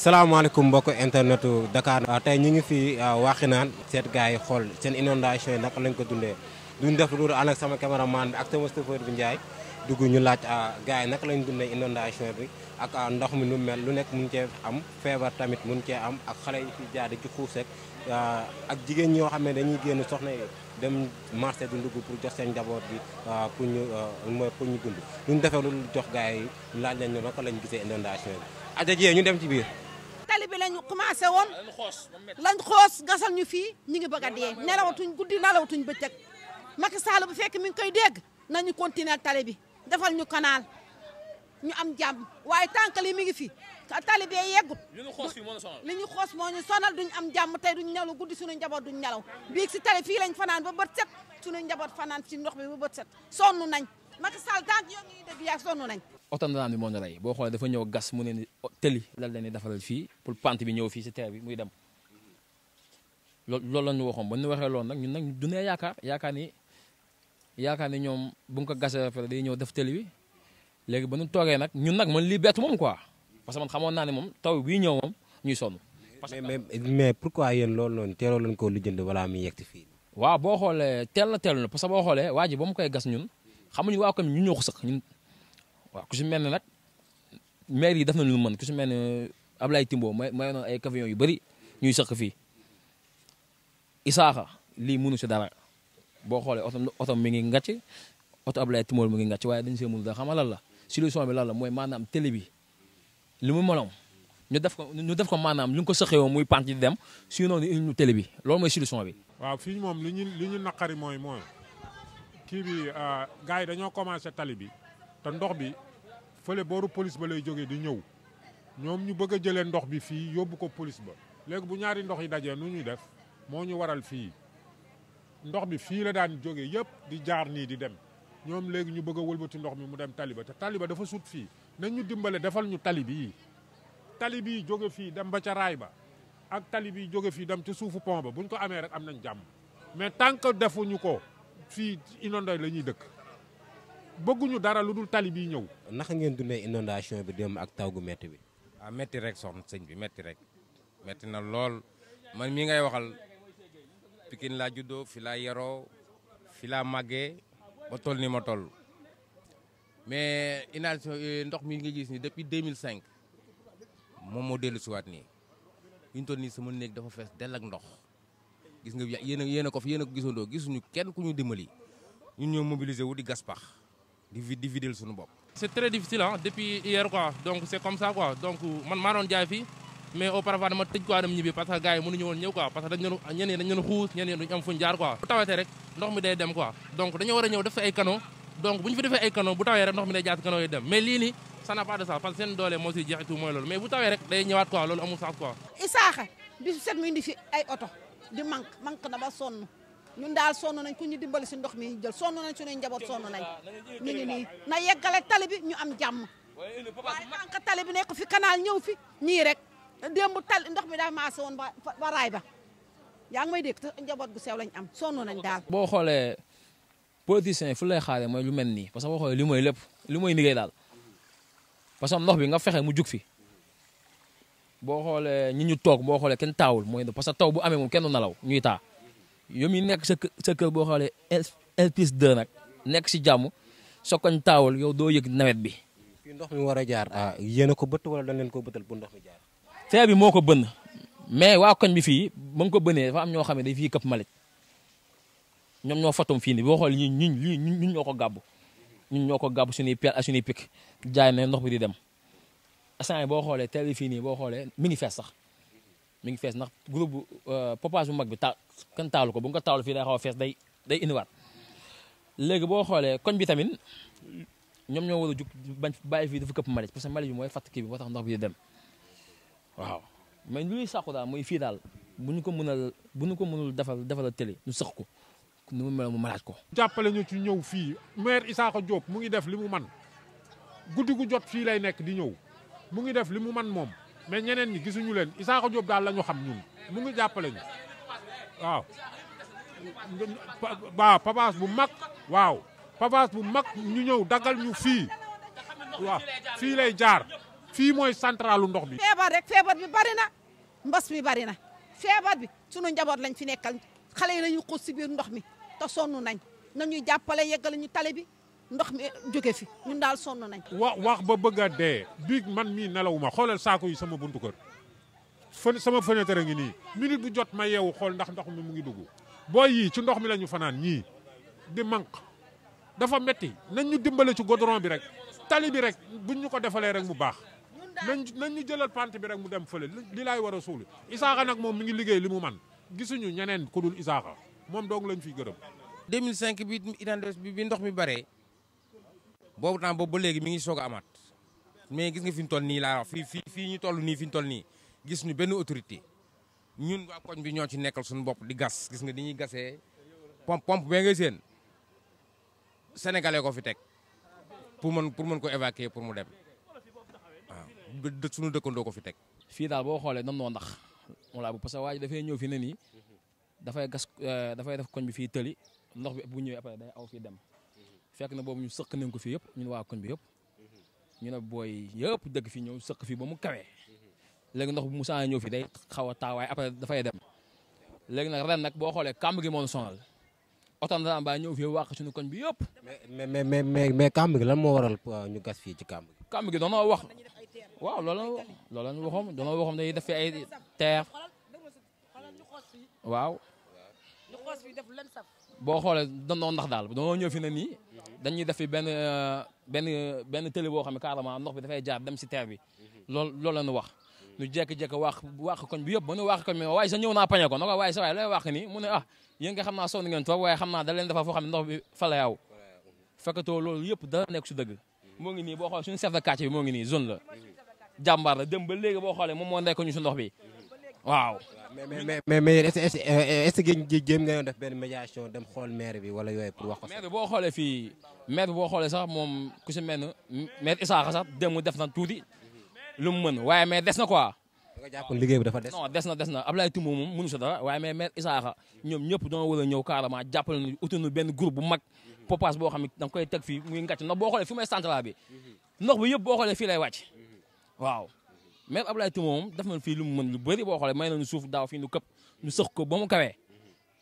salaamaaleykum mbokk internetu Dakar. Ah, tey ñu ngi fi ah, Waxinaan seet gars yi xool seen inondation yi naka lañ ko dundee duñ def loolu ànd sama caméraman ak sama chauffeur bi dugg ñu laaj ah, gars yi naka lañ dundee inondation bi ak ndox mi nu mel lu nekk mun cee am feebar tamit mun cee am ak xale yi jaar di ci xuus rek ak jigéen ñoo xam ne dañuy génn soxna dem marché di pour jox seen bi pour ñu pour ñu dund duñ defee loolu jox gars yi laaj nañ ñu naka lañ gisee inondation yi aja jee ñu dem ci biir tali bi lañu commencé woon lañ xoos gasal ñu fii ñi ngi bëgg a dee nelawatuñ guddi nelawatuñ bëccëg Macky Sall bu fekk mi ngi koy dégg nañu continuer tali bi defal ñu canal ñu am jàmm waaye tànk li mi ngi fi tali bee yeggut li ñu xoos moo ñu sonal duñ am jàmm tey duñ nelaw guddi suñu jaboot duñ nelaw biig si tali fii lañ fanaan ba bët set suñu njaboot fanaan ci ndox bi ba bët set sonn nañ Macky Sall tant que yow ñuy dëgg yaa sonn bi moo ñu rey boo xoolee dafa ñëw gas mu ne ni oh, tëli lan la ñuy defaral fii pour pant bi ñëw fii si terre bi muy dem loolu loolu la ñu waxoon ba ñu waxee loolu nag ñun nag du nee yaakaar yaakaar ni yaakaar ni ñoom bu ñu ko gasee fële day ñëw def tëli bi léegi ba ñu toogee nag ñun nag man lii bett moom quoi parce que xamoon naa ne moom taw bii ñëw moom ñuy sonn. parce que mais mais pourquoi yéen loolu noonu teeloo leen koo lijjanti wala muy yegg fii. waaw boo xoolee teel na teel na parce que boo xoolee waa ji ba koy gas ñun xamuñu waa commune ñu ñoo ko sax ñun waaw ku si mel ne nag maire yi def na lu mën ku si mel ne Ablaye Timbo may may noonu ay camion yu bëri ñuy sëq fii Isaaxa lii mënu si dara boo xoolee oto oto mi ngi ngàcc oto Ablaye Timbo mi ngi ngàcc waaye dañ see mënu dara xamal lan la solution bi lan mooy maanaam télé bi li mu mënoon ñu def ko ñu def ko maanaam lu ñu ko sëqeewoo muy pant di dem sinon ñu télé bi bi. waaw kii bi euh, gars yi dañoo commencé tali bi te ndox bi fële booru police ba lay jógee di ñëw ñoom ñu bëgg a jëlee ndox bi fii yóbbu ko police ba léegi bu ñaari ndox yi dajee nu ñuy def moo ñu waral fii ndox bi fii la daan jóge yëpp di jaar nii di dem ñoom léegi ñu bëgg a wëlbati ndox mi mu dem taliba te tali ba dafa sut fii nañ ñu dimbale defal ñu tali bi tali bi jóge fii dem ba ca raay ba ak tali bi jóge fii dem ca suufu pont ba buñ ko amee rek am nañ jàmm mais tant que defuñu ko fii inondé la ñuy dëkk bëgguñu dara lu dul tali bii ñëw. naka ngeen dundee inondation bi démb ak taw gu métti bi. ah métti rek soxna sëñ bi métti rek métti na lool man mii ngay waxal Pikine laa juddoo fi laa yaroo fi laa màggee ba toll ni ma toll mais inondation euh, ndox mi nga gis ni depuis 2005 moom moo dellu siwaat nii ñu toll nii sama néeg dafa fees dell ak ndox. gis nga yéen a yéen a ko fi yéen a ko ku ñu dimbali ñun ñoo mobiliser di gas pax di videl suñu bopp. c'est très difficile ah depuis hier quoi donc c'est comme ça quoi donc man maa doon jaay fii mais auparavant tëj quoi dem ñibbi parce que gars yi mënuñu woon ñëw quoi parce dañ doon xuus ñeneen duñ am fuñ jaar quoi. bu tawatee rek ñëw def ay canaux donc bu ñu fi defee ay canaux bu tawee rek ndox mi day jaar canaux yi dem mais lii nii ça n'a pas de seen doole moo si di manque manque na ba sonn ñun daal sonn nañ ku ñu dimbali si ndox mi jël sonn nañ suñuy njaboot sonn nañ ñu na yeggale tali bi ñu am jàmm waaye manque tali bi nekk fi canal ñëw fi ñii rek démb tali ndox mi daa maase woon ba raay ba yaa ngi may dégg njaboot gu sew lañ am sonn nañ daal boo xoolee politiciens yi fu lay xaaree mooy lu mel nii parce que boo xoolee li mooy lépp li mooy liggéey daal parce que bi nga fexe mu jug fi boo xoolee ñi ñu toog boo xoolee kenn taawul mooy parce que taw bu amee moom kenn nalaw ñuy taa yow mi nekk sa sa kër boo xoolee L plus 2 nag nekk si jàmm soo koñ taawul yow doo yëg nawet bi. fii ndox mi war a jaar ah yéen a ko bëtt wala dañ leen ko bëttal bu ndox mi jaar. fee bi moo ko bënn mais waa koñ bi fii ba nga ko bënnee dafa am ñoo xam ne day fii këpp malit ñoom ñoo fatum fii nii boo xoolee ñun ñun ñun ñoo ko gàbb ñun ñoo ko gàbb suñuy peel ak suñuy pik jaay na ndox bi di dem. instant boo xoolee teel yi fii nii boo xoolee mi ngi fees sax mi ngi fees ndax groupe bu euh, popage bu mag bi ta kenn ko bu nga ko fii day xaw a fees day day indiwaat léegi boo xoolee koñ bi tamit ñoom ñoo war a jug bañ fii dafa këpp mbalit parce que mbalit bi mooy fatt kii bi moo tax ndox bi waaw mais lu ñuy daal mooy fii daal bu ñu ko mënal bu ñu ko mënul defal defal télé ñu sëq ko nu mu mu malaat ko. jàppale ñu ci ñëw fii maire Issakha Diop mu ngi def li mu man guddi gu jot fii lay nekk di ñëw. mu ngi def li mu man moom mais ñeneen ñi gisuñu leen Isaaxa Diop daal la xam ñun mu ngi jàppale ñu waaw waaw pavage bu mag waaw pavage bu mag ñu ñëw dagal ñu fii fii lay jaar fii mooy centralu ndox bi feebar rek feebar bi bari na mbas mi bari na feebar bi sunu njaboot lañ fi nekkal xale yi lañu xuus si biir ndox mi te sonn nañ nañuy jàppale yeggala ñu tale bi ndox mi jóge fi ñun daal sonn nañ wa wax ba bëgg a dee biig man mii nelawuma xoolal saako yi sama buntu kër fën sama fenêtre ngi nii minute bu jot ma yeewu xool ndax ndox mi mu ngi dugg booy yii ci ndox mi la ñu fanaan ñii di manq dafa metti nañ ñu dimbale ci goudron bi rek tali bi rek buñ ñu ko defalee rek mu baax nañ nañ ñu jëlal pante bi rek mu dem fële li laay war a suul Isaaxa nag moom mi ngi liggéey li mu man gisuñu ñeneen ku dul Isaaxa moom doong lañ fiy gërëm 2005 bi inondation bi bi ndox mi bare boobu temps boobu ba léegi mi ngi soog a amaat mais gis nga fi ñu toll nii laa fii fii fii ñu toll nii fi ñu toll nii gis ñu benn autorité ñun waa koñ bi ñoo ci nekkal suñu bopp di gas gis nga di ñuy gasee pompe pompe bee ngay seen sénégalais ko fi teg pour mën pour mën ko évacuer pour mu dem waaw suñu dëkkandoo ko fi teg. fii daal boo xoolee nam noo ndax mu laa bu parce que waa dafay ñëw fi ne nii dafay gas euh, dafay def koñ bi fii tëli ndox bi bu ñëwee après day aw fii dem. fekk na boobu ñu sëq nañ ko fi yëpp ñun waa koñ bi yëpp mhm. ñu ne booy yëpp dëkk fi ñëw sëq fi ba mu kawee léegi ndox bu Moussa ñëw fi day xaw a taawaay après dafay dem léegi nag ren nag boo xoolee kàmb gi moo sonal oto na ba ñëw fi wàq suñu koñ bi yëpp. mais mais mais mais mais kàmb gi lan moo waral euh, ñu gas fii ci kàmb gi. kàmb gi dañoo wax waaw loolu loolu la ñu waxoon dañoo waxoon dañuy def fi ay terre waaw. boo xoolee dañoo ndax daal dañoo ñëw fi ne nii. dañuy def fi benn euh, benn benn tëli boo xam ne carrément ndox bi dafay jaar dem si terre bi mhm. loolu loolu la ñu wax ñu jékki-jékki wax wax koñ bi yëpp ba ñu wax koñ bi waaye sa ñëw naa pañe ko na ko waaye sa waaye lay wax nii mu ne ah yéen nga xam naa sonn ngeen toog waaye xam naa da leen dafa foo xam yëpp dara nekk si dëgg mhm. moo ngi nii boo xoolee suñu chef de quartier bi moo ngi nii zone la mhm. jàmbaar la dem ba léegi boo xoolee moom moo nekk ñu si ndox bi mais mais mais mais est ce est ce euh, que jéem nga def benn médiation dem xool maire bi wala yooyu pour wax ko. maire bi boo sax moom ku si mel ne maire Isaaxa sax dem def na tuuti lu mu mën waaye mais des na quoi. da nga jàpp liggéey bi dafa des. non des na des na Ablaye moom mënu sa dara waaye mais maire Isaaxa ñoom ñëpp doon war a ñëw carrément jàppale ñu benn groupe bu mag. popas boo xam ne da nga koy teg fii muy ngàcc ndox boo xoolee fi may central bi ndox bi yëpp boo xoolee fii lay waaw. maire Abdoulaye Touma moom def nañ fii lu mu lu bëri boo xoolee may nañu suuf daaw fii nu këpp ñu sëx ko ba mu kawee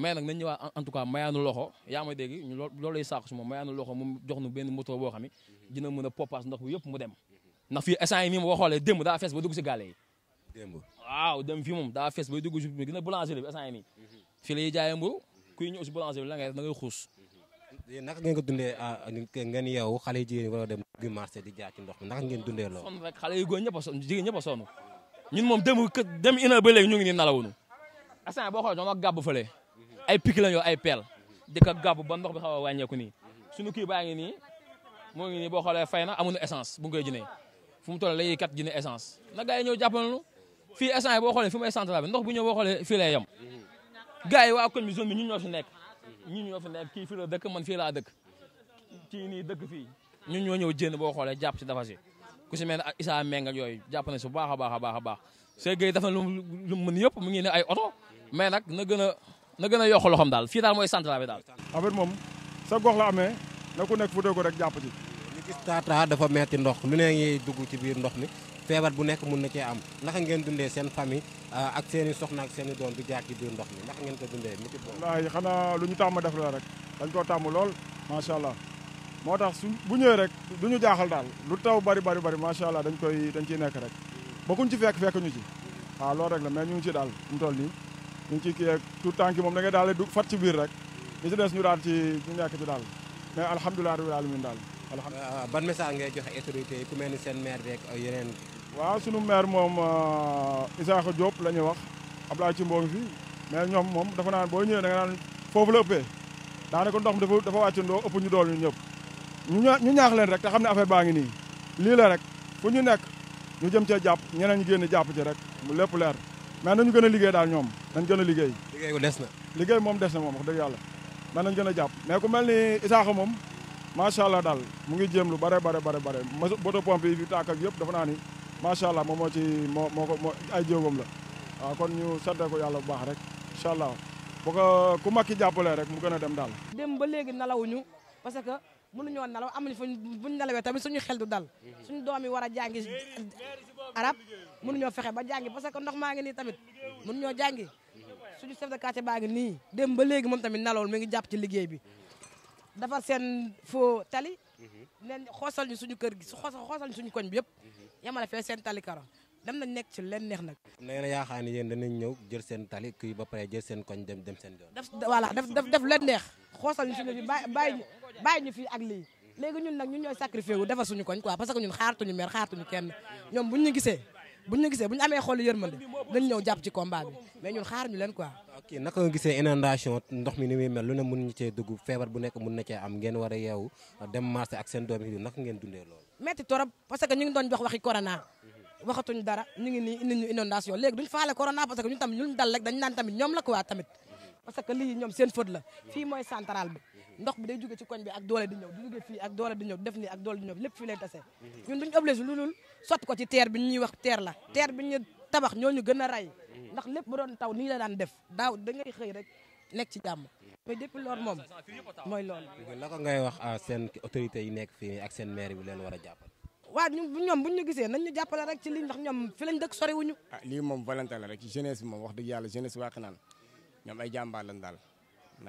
mais nag nañ ñëwaat en tout cas loxo yaa ma dégg ñu loolu lay saaku si moom nu benn moto boo xam ne dina mën a poppaas ndox bi yëpp mu dem ndax fii essant yi nii xoolee démb daa fees ba dugg si dem fii moom daa fees ba dugg si gën a boulangerie bi essant yi nii mhm. la ngay def da naka ngeen ko dundee ah, ngeen yow xale yu jigéen war a dem bi marché di jaar ci naka ngeen dundee loolu sonn rek xale yu góor ñëpp a sonn a sonn ñun moom dem dem ina ba léegi ñu ngi ni nalawunu asan boo xoolee ay pik lañ ay peel dëkk ak gàbb ba ndox bi xaw a wàññeeku nii suñu kii baa ngi nii moo ngi nii boo xoolee essence bu ngi koy jënee fu mu kat jëne essence na gars yi ñëw jàppalanu fii essence boo xoolee essence la bi bu ñëw boo xoolee fii yem gars yi ñu ñoo fi nekk kii fii la dëkk man fii laa dëkk kii nii dëkk fii ñu ñoo ñëw jénn boo xoolee jàpp si dafa si ku si mel ne Issa Meng ak yooyu jàpp na si baax a baax a baax a baax Seydou dafa lu lu mën yëpp mu ngi ne ay oto mais nag na gën a na gën a yokk loxoom daal fii daal mooy central bi daal. affaire moom sa gox la amee na ku nekk fu dee ko rek jàpp ci. ñu gis taataa dafa metti ndox nu nee ngi dugg ci biir ndox mi feebar bu nekk mun na cee am naka ngeen dundee seen famille euh, ak seen i soxna ak seen i doom bi jaar ci biir ndox mi naka ngeen ko dundee métti wallaahi xanaa lu ñu tàmm def la rek dañ koo tàmm lool macha allah moo tax su bu ñëwee rek du ñu jaaxal daal lu taw bari bari bari macha allah dañ koy dañ ciy nekk rek bokkuñ ci fekk fekk ñu ci waaw loolu rek la mais ñu ngi ci daal ñu toll nii ñu ngi ci kii ak tout temps ki moom da ngay daal du fat ci biir rek ñi ñu daal ci ñu daal mais alhamdulilah rabbil alamin daal alhamdulilah ban message ngay joxe autorité yi ku mel ni seen maire beeg yeneen. waaw sunu maire moom euh, Isaaxa Diop la ñuy wax Abdoulaye ci mboomi fi mais ñoom moom dafa naan boo ñëwee da nga foofu la ëppee daanaka ndox mi dafa dafa wàccandoo ëpp ñu dool ñu ñëpp ñu ñu ñaax leen rek te xam ne affaire baa ngi nii lii la rek fu ñu nekk ñu jëm cee jàpp ñeneen ñu génn jàpp ci rek mu lépp leer mais nañu gën a liggéey daal ñoom nañ gën a liggéey liggéey des na liggéey moom des na moom wax dëgg yàlla mais nañ gën a jàpp moom macha allah daal mu ngi jéem lu bare bare bare bare moto pompe yi fi tàkk ak yëpp dafa naa ni macha allah moom moo ci moo moo ko moo ay jéegoom la waaw kon ñu sante ko yàlla bu baax rek incha allah bu ko ku makki jàppalee rek mu gën a dem daal. dem ba léegi nalawuñu parce que mënuñoo nalaw amuñu fuñ buñ nalawee tamit suñu xel du dal suñu doom yi war a jàngi arab mënuñoo fexe ba jàngi parce que ndox maa ngi nii tamit mënuñoo jàngi suñu chef de quartier baa ngi nii dem ba léegi moom tamit nalawul mi ngi jàpp ci liggéey bi. defar seen fo tali. leen xoosal ñu suñu kër gi xoosal ñu suñu koñ bi yëpp. yamala fee seen tali karam dem nañ nekk ci leen neex nag. nee na yaakaar ni yéen danañ ñëw jël seen tali kii ba pare jël seen koñ dem dem seen yoon. def voilà def def leen neex xoosal ñu suñu bi bàyyi ñu bàyyi ñu fii ak lii léegi ñun nag ñun ñooy sacrifié wu defar suñu koñ quoi parce que ñun xaartuñu mer xaartuñu kenn ñoom buñ ñu gisee bu ñu gisee bu ñu amee xol yërmande nañ ñëw jàpp ci combat bi mais ñun xaar ñu leen quoi. naka nga gisee inondation ndox mi ni muy mel lu ne mën ñu cee dugg feebar bu nekk mun na cee am ngeen war a yeewu dem marché ak seen doom yi naka ngeen dundee loolu. metti torop parce que ngi doon jox waxi corona waxatuñ dara ñu ngi nii indi ñu inondation léegi duñ faale corona parce que ñun tamit ñun dal rek dañ naan tamit ñoom la quoi tamit parce que lii ñoom seen faute la fii mooy central bi ndox bi day jóge ci koñ bi ak doole di ñëw du jóge fii ak doole di ñëw def nii ak doole di ñëw lépp fii lay tase ñun duñu obligé lu dul sotti ko la ñu gën a rey ndax lépp bu doon taw nii la daan def daaw da ngay xëy rek nekk ci jàmm mais depuis loolu moom mooy loolu la ko ngay wax seen autorité yi nekk fii ak seen maire bi leen war a jàppal gisee nañ ñu jàppale rek ci lii ndax ñoom fi lañ dëkk sori wuñu ah, rek jeunesse bi moom wax dëgg yàlla jeunesse waa Xinaan ñoom ay jàmbaar daal ndax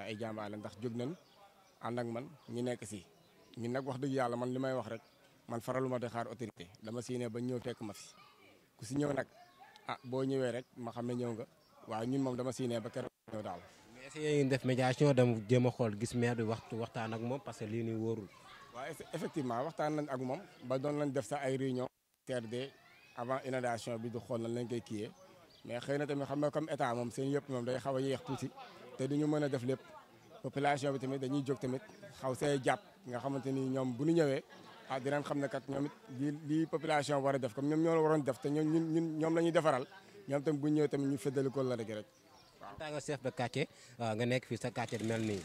ay jàmbaar ndax jóg nañ ànd ak man ñu nekk si ñun nag wax dëgg yàlla man li may wax rek man faraluma di xaar autorité dama siine ba ñëw fekk ma fi ku si ñëw nag ah boo ñëwee rek ma xam ne ñëw nga waaye ñun moom dama si ba ker ñëw daal. mais essayé ñu def médiation dama jéem a xool gis maire bi waxtu waxtaan ak moom parce que lii nii wóorul. waaw effectivement waxtaan nañ ak moom ba doon lañ def sax ay réunion. TRD avant inondation bi du xool nañ lañ koy kiiyee. mais xëy na tamit xam nga comme état moom seen yëpp moom day xaw a yéex tuuti te du ñu mën a def lépp population bi tamit dañuy jóg tamit xaw see jàpp nga xamante ni ñoom bu ñu ñëwee ah xam ne kat ñoom it lii population war def comme ñoom ñoo la waroon def te ñun ñun ñoom la ñuy defaral ñoom tamit bu ñëwee tamit ñu feddali ko la rek rek. waaw en tant que chef de quartier euh, nga nekk fii sa quartier di mel nii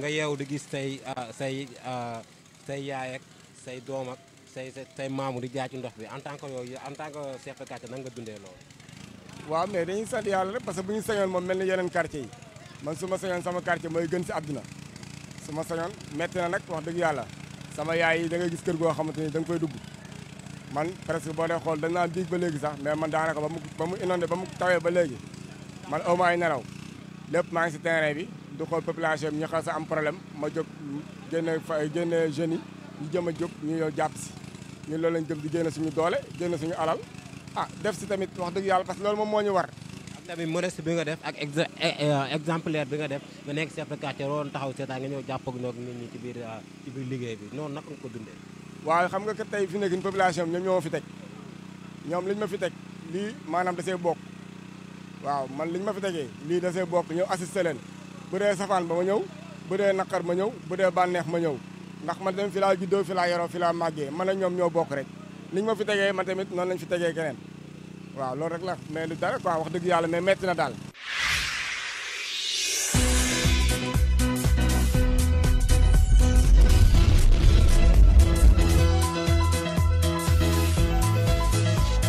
nga yeew di gis say euh, say euh, say yaay ak say doom ak say say maamu di jaay ci ndox bi en tant que yooyu en tant que chef de nga dundee loolu. waaw mais dañuy sant yàlla rek parce bu ñu sañoon moom mel ni yeneen quartier yi man su ma sama quartier mooy gën si àdduna su ma sañoon metti nag wax dëgg yàlla sama yaay yi da gis kër goo xamante ni da nga koy dugg man presque boo dee xool dañ naan biig ba léegi sax mais man daanaka ba mu ba mu inondé ba mu tawee ba léegi man aw maay nelaw lépp maa ngi si terrain bi du xool population bi ñu xal sa am problème ma jóg génne fa génne jeunes yi ñu jëm a jog ñu yow loolu lañ jëm di génne suñu doole génne suñu alal ah def si tamit wax dëgg yàlla parce que loolu moom moo ñu war. ak tamit modeste bi nga def ak e, e, exemplaire bi nga def nga nekk chef de quartier waroon taxaw seetaan nga ñëw jàpp ak ñoom nit ñi ci biir ah, ci biir liggéey bi noonu naka nga ko dundee. waaw xam nga kat tey fi nekk population bi ñoom ñoo ma fi teg ñoom liñ ma fi lii maanaam da see bokk waaw man liñ ma fi tegee lii da see bokk ñëw assisté leen bu dee safaan ba ma ñëw bu dee naqar ma ñëw bu dee bànneex ma ñëw ndax man dem fi laa juddoo fi laa yoroo fi laa màggee man ak ñoom ñoo bokk rek niñ ma fi tegee man tamit noonu lañ fi tegee keneen waaw loolu rek la mais lu dara quoi wax dëgg yàlla mais metti na daal